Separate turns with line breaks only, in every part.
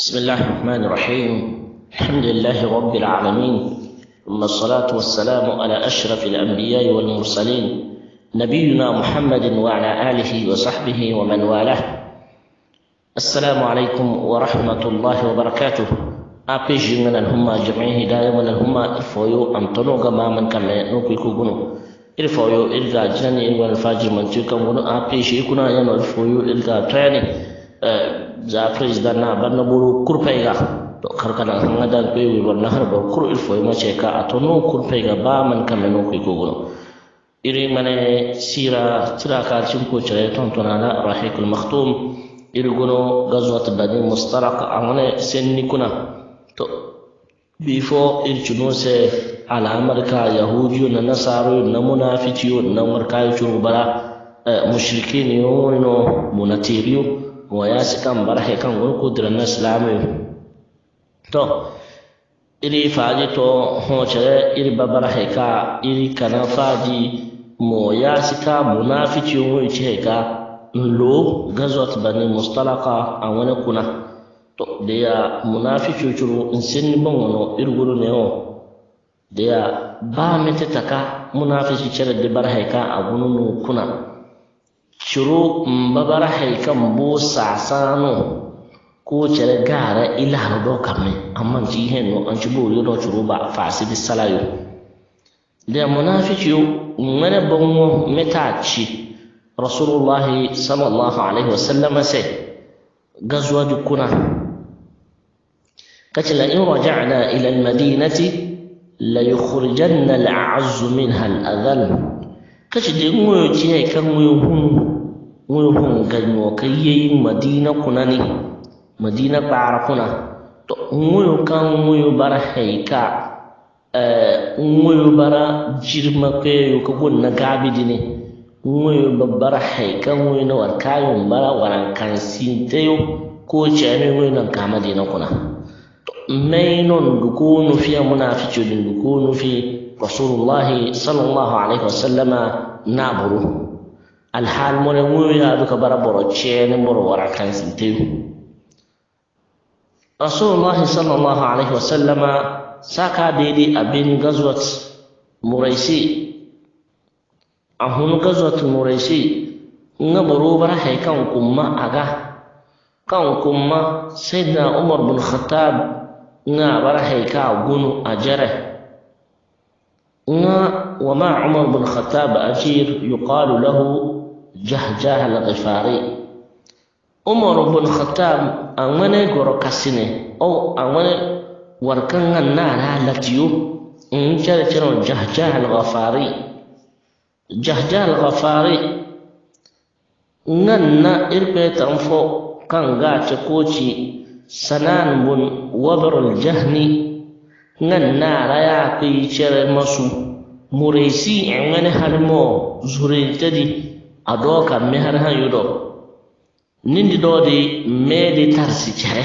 بسم الله الرحمن الرحيم الحمد لله رب العالمين ثم الصلاة والسلام على أشرف الأنبياء والمرسلين نبينا محمد وعلى آله وصحبه ومن والاه السلام عليكم ورحمة الله وبركاته أبيج من الهما جمعيه دائما الهما الفويو تنوغ ما من كما ينوكي كوغنو الفويو إلغا جناني والفاجر من تيكم غنو أبيجي كنا ينو الفويو إلغا تراني Eh, za président na banna buru kurpayga to karkana hangadan kwe wi bonna har ba kur il foy ma cheka atono kurpayga ba man ko kwe kogono iri mane sira tira kalcin ko cire ton tonana rahikul maktum iri gono gazwat bani mustaraka amane senni kuna to bifo iri cuno se al'amar ka yahudiyo na nasaro na munafikiyo na markayo curubara eh, mushrike ne yawon no munatiriyo moya sikan barhe kan gon kudiranna islamu to iri faji to hocere iri babarhe ka iri kana faji moya sika munafici won ce ka lo gazot bani mustalaka a wani kuna to da ya munafici curu in sin ban wano iri gudu ne o da ya ba mita taka munafici cere da barhe ka a gununu kuna shuruu n babara haikan bo saasaano ko cɛrɛ gaara i lahara dɔ kame a man ci hen no an ci bo yo dɔ shuruu ba faasi bi sala yo da munafici yo ŋmɛrɛ bɔŋɔ mɛ taa ci rasulullahi sallallahu alaihi wasallam sɛ gazuwa di kuna kace la in raja'na ila almadinati la yukhrijanna al'azzu minha al'adhal kacide ŋoyo ciyay kaŋ ŋoyo hun ŋoyo hun gaymo ka yi madina kuna ne madina kpaara kuna to ŋoyo kan ŋoyo bara hay ka ŋoyo eh, bara jirma kweyo ka gonna gaabidi ne ŋoyo ba bara hay ka ŋoyo na war kayon bara waran kan sinteyo ko ceyame ŋoyo nan ka madina kuna naynnon dukunu fiya munaficodin dukunu fi rasulullahi sallallahu alaihi wa sallama naɓuru alhaal mone ŋuwiyaadu duka bara boro ne boro wara kan sinte rasulullah sallallahu wa sallama saka deedi abin gazwat muraisi. ahun gazwat muraisi ŋa boro bara hay kan kumma aga kan kumma sayyidina umar bin khattab نا برحي كا جنو أجره نا وما عمر بن الخطاب أجير يقال له جهجاه الغفاري عمر بن الخطاب أمانة غرو كسيني أو أمانة وركان النار لتيو إن شاء جهجاه الغفاري جهجاه الغفاري nan na irbe tanfo kan gace koci sanan bun wadarul jahni ngan na ya kai cere masu muresi in wani harmo zuretadi a dokan mi har han yudo nindi dodi medi tarsi cere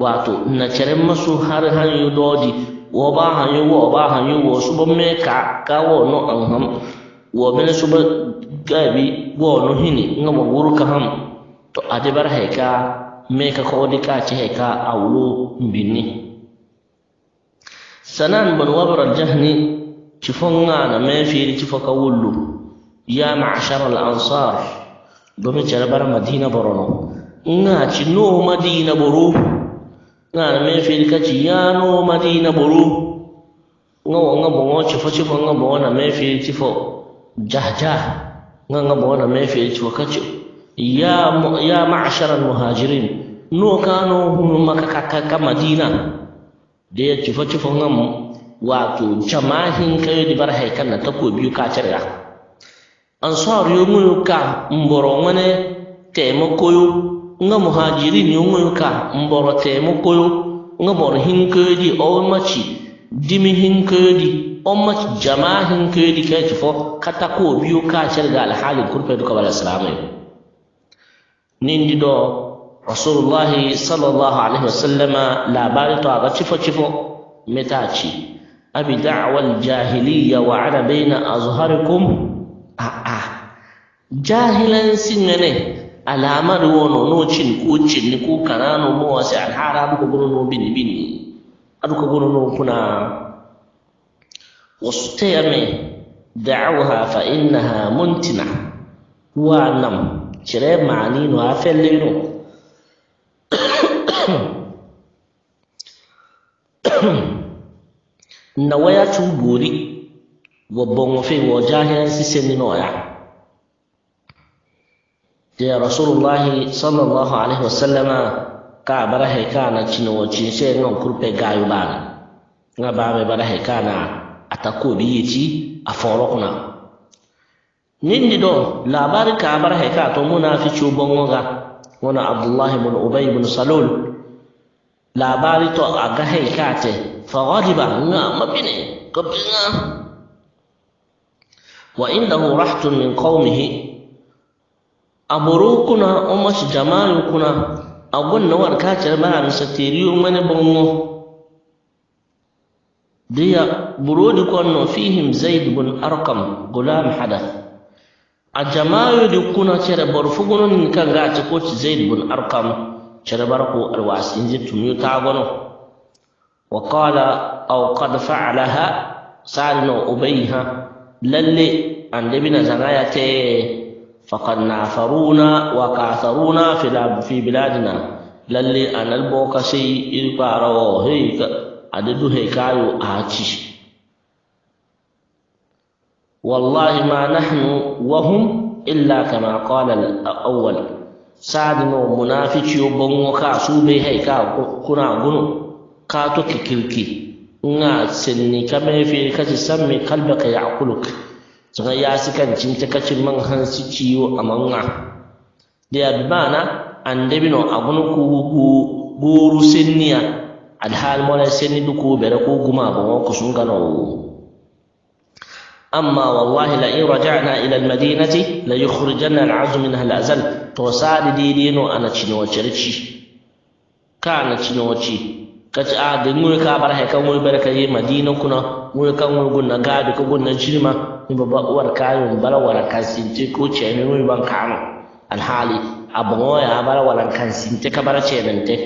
wato na cere masu har han yudo di wo ba hanyu yu wo ba hanyu, yu wo subo me ka ka wo no an ham wo mene subo gabi wo no hini ngamo wuru ka ham to ade bar hay ka meka de ka ce ka awlo binni sanan bon wabar jahni na me fi ci ka wullu ya mashara al ansar domi jara bar madina borono ŋa ci no madina boro na me fi ka ci ya no madina boro ŋa wo ŋa boŋo cifo cifo ŋa boŋo na me ci fo jahja nga nga bo na me ci fo ka ci ya macshara almuhajirin no kano humumakakaka ka madina de cufo cufo gam wato camahin kayodi bara haykanna tako biyu kacarya ansar yomuyu ka mboro wane temokoyo nga muhajirin yomuyu ka mboro temokoyo nga boro hinkoyodi omaci dimi hinkoyodi omaci jama hinkoyodi kaye cufo ka tako biyu kacarga alhalin kurpedu kabal islamayo nindiɗo rasulullahi sallallahu alaihi wa sallama labari to aga cifo cifo metaci abi da'wal aljahiliya wa ana baina azharikum a jahilan ŋene alamari wono no cin ko ni ku kanano mo wasi alhara aɗuko gono no bin binni aɗuko gono no kuna wasuteyame da'awha fa innaha muntina wa nam chere manino afelino na waya tuburi wa bongo fe wa jahilan siseni noya ya rasulullah sallallahu alaihi wasallama ka barahe kana cina wa cinse ngon kurpe gayu bana nga babe barahe kana atako biyiti aforo kuna نيني دو لا بارك عمر هيكا تو منافي شو بونغا ونا عبد الله بن ابي بن سلول لا بارك تو اغا هيكا تي فغضب نا ما بيني كبينا وانه رحت من قومه أبروكنا أمس جمالكنا أبن نور كاتر ما نستيريو من بونغو ديا برودكم فيهم زيد بن أرقم غلام حدث a jama'u di kuna cere bor fugunun kan ga ci ko ci zaid bin arqam cere barko ko alwasin ji tumi ta gano wa qala aw qad fa'alaha salno ubayha lalle annabi na zanga ya te faqad nafaruna wa katharuna fi fi biladina lalle anal bokasi irfarawo hey adadu hey kayo aci wallahi ma nahnu wa hum illa kama qala al-awwal sadino munafici bongo ka su bai haika ka kuna gunu ka to kikirki nga sinni kame fi kaci sammi qalbaka ya'kuluk sanga ya sikan cinta kaci man hansi ciwo amanga de adbana andebino agunu ku guru sinniya alhal mola sinni du ku bere ku guma bongo kusungano amma wallahi la in raja'na ilan almadinati la yukhrijanna al'azm minha al'azal to sadi dide no ana cini wace rici ka ana cini wace kace a ah, da mu ka bar haikan kan wuri barka yi madina kuna mu kan wuri gunna gadi ko gunna jirma ni babba uwar kayon barawara kan sinti ko ce ne mu ban kano alhali abun ya barawara kan sinti ka bar ce nan te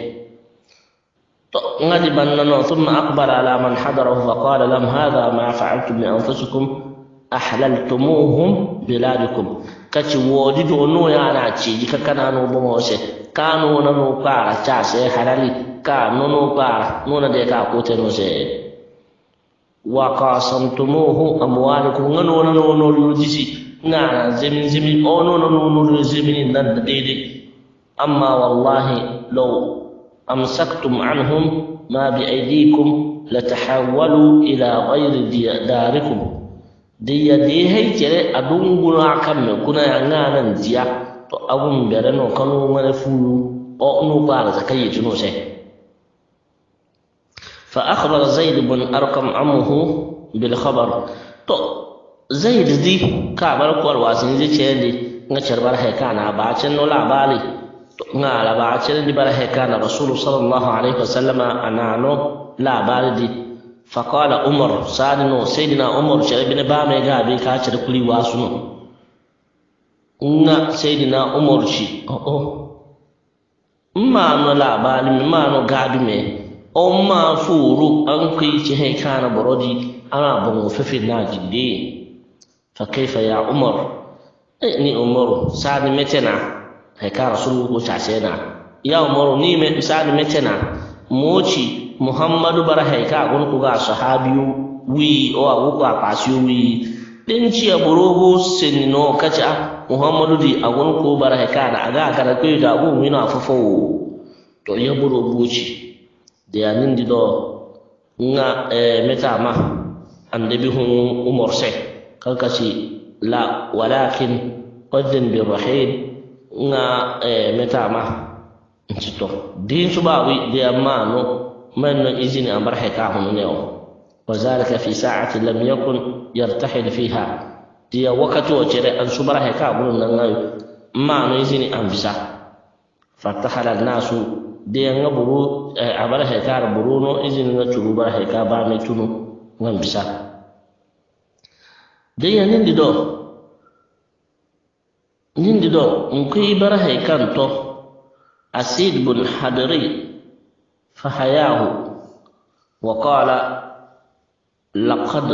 غضب النبي ثم أقبل على من حضره فقال لهم هذا ما فعلتم بأنفسكم ahlaltumuhum biladikum kaci wodi do no ya na ci ka kana no bo mo se ka no na no para cha se halali ka no no para no na de ka ko te no se wa qasamtumuhu amwalakum ngano no no no lu jisi na zemin zemin o no no no no zemin nan da daidai amma wallahi law amsaktum anhum ma bi aydikum latahawalu ila ghayri diyarikum diya di hay cere adun guna kamme kuna ya nganan ziya to abun bere no kanu ngane fulu o no bara zakai tuno sai fa akhbara zaid ibn arqam amuhu bil khabar to zaid di ka bar kwar wasin je ce ne nga charbar hay kana ba cin no labari to nga labari di bar hay kana rasulullah sallallahu alaihi wasallama anano labari di faqala umar sani no sayyidina umar sharibi ne ba mai ga abin ka cire kuli wasu no na sayyidina umar shi oh oh ma no labari ma no gadu me on ma furu an kai ci hai kana borodi ana bango fefe na jide fa kaifa ya umar eh, ni umar sani metena hai ka rasulu ko sasena ya umar ni me sani metena moci muhammadu bara haika agun kuga sahabiyu wi o agu ko apasiyo wi din ciya borogo senino kaca muhammadu di agun ko bara haika na aga kala ko da agun wino fufawo to ya borogo ci da ya nin di nga e meta ma ande bi hun umar se kan la walakin qadin bi rahim nga e meta ma ci to din subawi da ya ma no من إذن أمرحك أهم اليوم وذلك في ساعة لم يكن يرتحل فيها دي وقت وجري أن سبرحك أقول أن ما نيزني أنفسا فارتحل الناس دي أن برو أمرحك برونو إذن نتشرو برحك بامي تنو وانفسا دي أن دو نندي دو نكي برحك أنتو أسيد بن حضري فحياه وقال لقد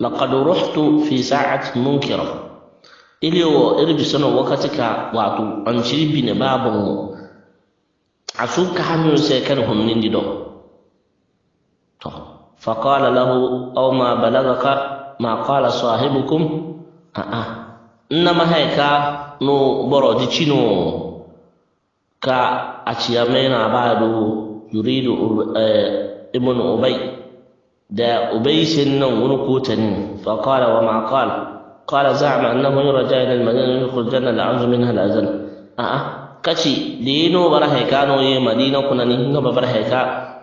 لقد رحت في ساعة منكرة iliyo irbi sanar wakatika wato an shirbi ne mu a su ka sai kan hunnin didon to fa qala lahu aw ma balagaka ma qala sahibukum a inna mahaika ka a ciyamena ba yuridu ibn ubay da ubay sin nan wani kotanin fa qala wa ma qala qala za'ama annahu yurja ila al-madina yukhruj janna al-azm minha al-azal a'a kaci da barahe no no ye madina kuna ni hinga ba bar ka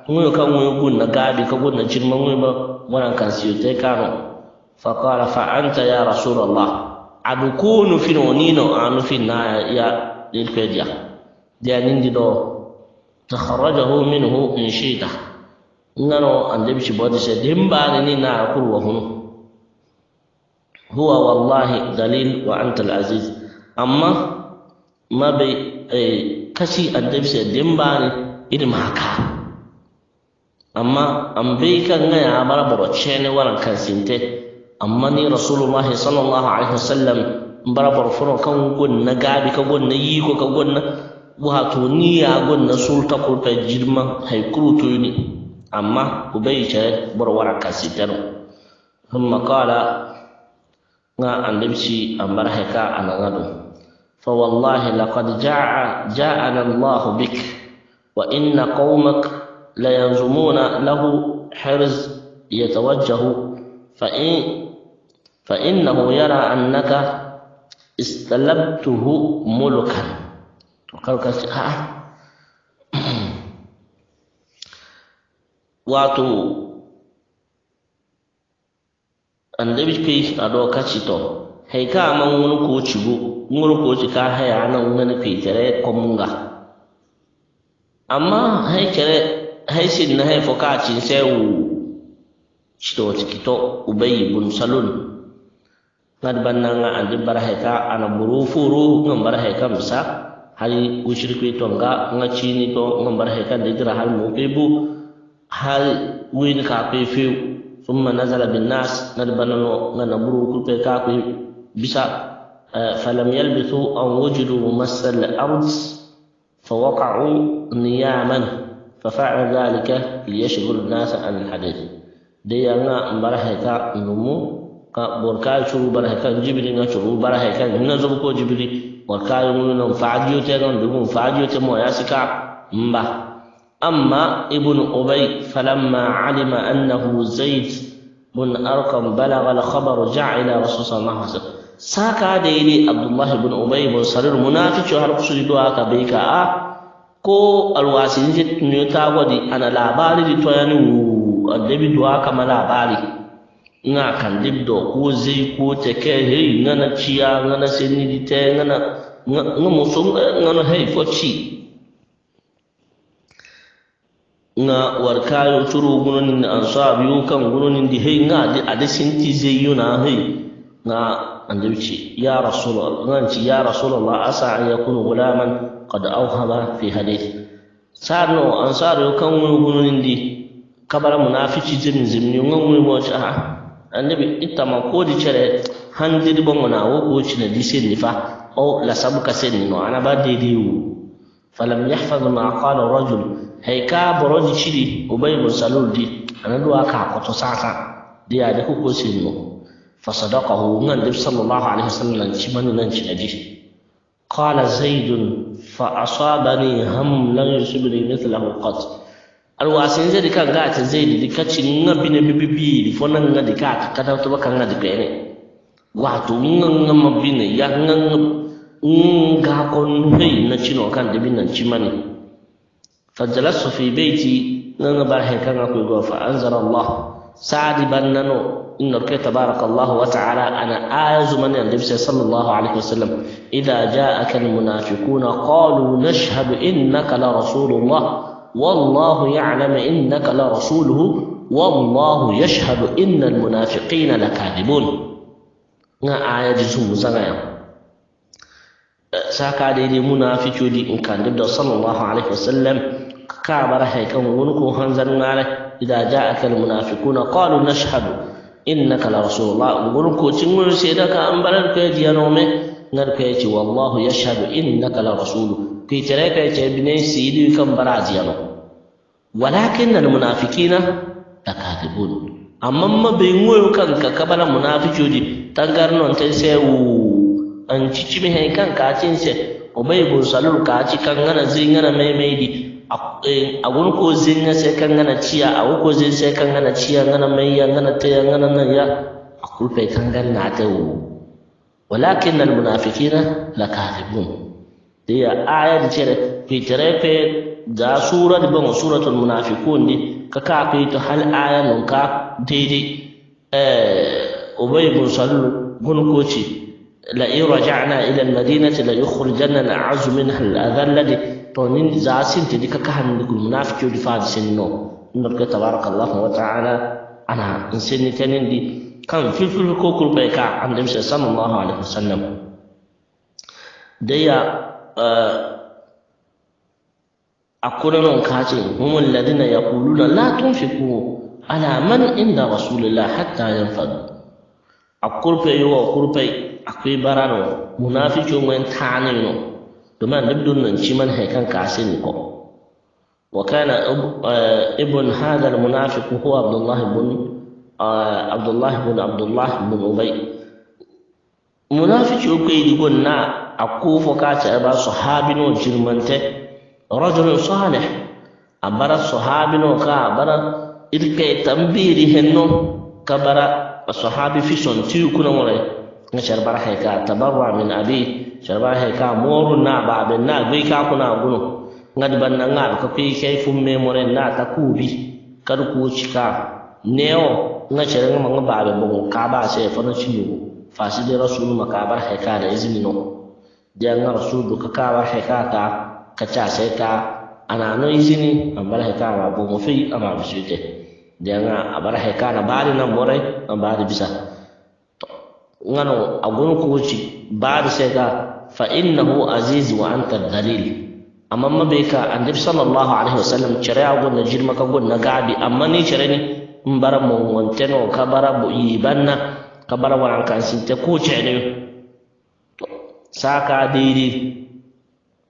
mun kan mun gun na gabi ka gun na jirman mun ba mun kan siyo tai kano fa qala fa anta ya rasulullah adukunu fi nonino anu fi na ya ilpedia jaanindidoo takharajahu minhu inshiita ngano andebci bodise dimbaanini naa kurwa hunu huwa wallahi dalil wa anta alaziz amma mabe kasi andebse dimbaani irimaka amma ambeyka ngaya abara boro ceene waran kansinte amma ni rasulullahi sallallahu alaihi wasallam mbara boro funo kan gonna gaabi ka gonna yiiko ka gonna wato niya gon na sulta kurta jirma haikuru ne amma ubay ce barwara kasitar thumma qala nga andibsi ambar heka anangado fa wallahi laqad jaa ja'ana Allah bik wa inna qaumak la yanzumuna lahu hirz yatawajjahu fa in fa innahu yara annaka istalabtuhu mulkan kawai ka ce a'a wato annabi kai a lokaci to hai ka man wani ko cigo wani ko ci ka haya nan wani fitare kwamunga amma hai kere hai sin na hai foka cin sai wu cito cikito ubayi bun salun ngad banna nga andi ka ana buru furu ngam ka msa har ushirikui to nga nga chini to nga bar hekan de jira hal mo pebu hal win ka pe fiu summa nazala bin nas nad banano nga na buru ku pe ka ku bisa eh, falam yalbisu an wujudu masal ard fawaqa'u niyaman ففعل ذلك ليشغل الناس عن الحديث دي انا برهكا نمو بركا شروع برهكا جبري نشرو برهكا نزبكو جبري wakari mun fajiyo te non dubu fajiyo te mo mba amma ibn ubay falamma alima annahu zaid bun arkam balagha al khabar ja'ala rasul sallallahu alaihi wasallam saka da yi abdullah ibn ubay bin sarir munafici har kusu do aka bai ka a ko alwasin je ne ta gwadi ana labari to yani annabi do aka ma labari nga do ko zai ko teke hey ngana ciya ngana di te ngana nga muso ngana hey fo chi nga war kayo turu gunonin da ansab yu kan gunonin di hey nga di ade sinti zai yu na hey nga chi ya rasulullah nga chi ya rasulullah asa an yakunu gulaman qad awhaba fi hadith sarno ansar yu kan gunonin di kabara munafici zimin zimin nga mu mo shaha annabi ma ko di chere handir bongo na wo ko chine di sin ni fa o la sabu ka sen no ana ba de di wu falam yahfaz ma qala rajul hay ka boroji chiri ubay bin salul di ana do aka ko to saka di ya de ko ko sin no fa sadaqahu ngan dib sallallahu alaihi wasallam ci man nan ci adi qala zaid fa asabani ham lan yusibni mithlahu qat الواسين زي ديكا غات زي ديكا تشينغا بينا بيبي دي فونا غا ديكا كاتا تو بكا غا دي بيني واتو نغا ما بينا يا نغا نغا نغا كون نوي نا كان دي بينا تشيماني فجلس في بيتي نغا بار هي كان غاكو غوفا انزل الله سعد بننو ان رك تبارك الله وتعالى انا اعز من النبي صلى الله عليه وسلم اذا جاءك المنافقون قالوا نشهد انك لرسول الله والله يعلم إنك لرسوله والله يشهد إن المنافقين لكاذبون نا نعم، آية جسم زغيا ساكا دي منافق دي إن كان دبدا صلى الله عليه وسلم كابر هيك ونكو هنزل إذا جاءك المنافقون قالوا نشهد إنك لرسول الله ونكو تنور سيدك أنبرك يا نومي نركيتي والله يشهد إنك لرسوله kai tare kai ce bine su yi duk kan bara ziya ba walakin nan munafiki na da kadibun amma ma bai ngoyo kan ka kabala munafiki di. tangar non tai sai wu. an ci ci mai hay kan ka cin sai o mai bu salul ka ci kan ngana zin ngana mai mai di a gun ko zin ya sai kan ngana ciya a ko zin sai kan ngana ciya ngana mai ya ngana ta ya ngana nan ya a kulfe kan ganna ta u walakin nan munafiki na la kadibun dia aya di cere ki cere pe ga sura di bango suratul munafiqun di ka ka ko to hal aya non ka deedi eh ubay bin salul gun ko ci la in raja'na ila almadinati la yukhrijanna al'azzu minha al'adhallati to nin za sin ti ka ka han di munafiqun di faadi sin no ndor ka tabarakallahu wa ta'ala ana in sin ni tanin di kan filfil ko kulbe ka annabi sallallahu alaihi wasallam da ya a kurinin kace humul ladina yaquluna la tun tunfiqu ala man inda rasulullah hatta yanfad a kurfe yawa kurfe akwai barano munafiqu man tani no to man dubdun nan ci man hay kan kase ne ko wa kana eh, ibn hadha al munafiq huwa abdullah ibn eh, abdullah ibn abdullah ibn ubay munafiqu ko yidi gonna akufu kace ba sahabino jirmante rajul salih abara n'o ka abara ilke tambiri henno kabara sahabi fi son tiyu kuna mure na sharbar haika tabarwa min abi sharbar haika morun na babe na gwi ka kuna guno ngad banna ngal ka kai kai fum me mure na ta kubi kar ku cika neo na sharbar manga babe bugo ka ba sai fara ciwo fasidi rasul makabar haika da izini no jangara su ka kawa hekata ka ca sai ka ana no izini ambar hekara bu mufi ama bisite janga abar hekara bari na more amma bari bisa to ngano agun ko ci bari sai ka fa innahu aziz wa anta dalil amma bai ka annabi sallallahu alaihi wasallam cire agun na jirma ka gun na gabi amma ni cire ni in bar mu wonteno ka bara bu ibanna ka bara an kan sinte ko ce ne saka diri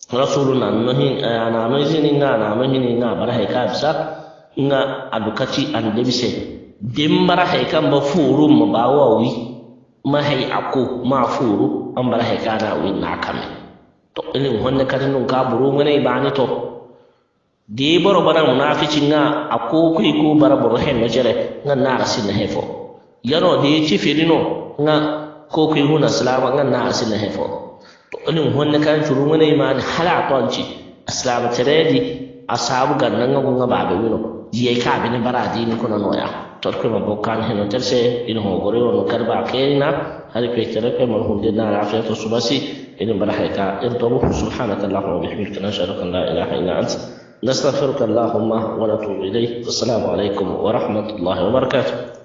rasulu nanohin eh, anama hininga anama hininga bara haika bisa nga adukati an debi se dem bara haika mba furu mba bawa wi ma hai aku ma furu an bara haika na wi na kame to ini wanda kati nung kaburu ngane ibani to di baro bara munafici nga aku kui ku bara baro hen ngajere nga narasi na hefo yano di chifirino nga ko kui hu na selama nga narasi na hefo onin honne kan shuru mana iman hala tonci islam teredi asabu gannan ga gunga ba be wino ya ka be ne bara dini kono noya to ko ma bokkan heno terse in ho gore wono karba kena har pe tere pe mon hunde na rafa to subasi in bara hayta in to subhanaka allahumma wa bihamdika nashhadu an la ilaha illa anta نستغفرك اللهم ونتوب اليك والسلام wa rahmatullahi wa وبركاته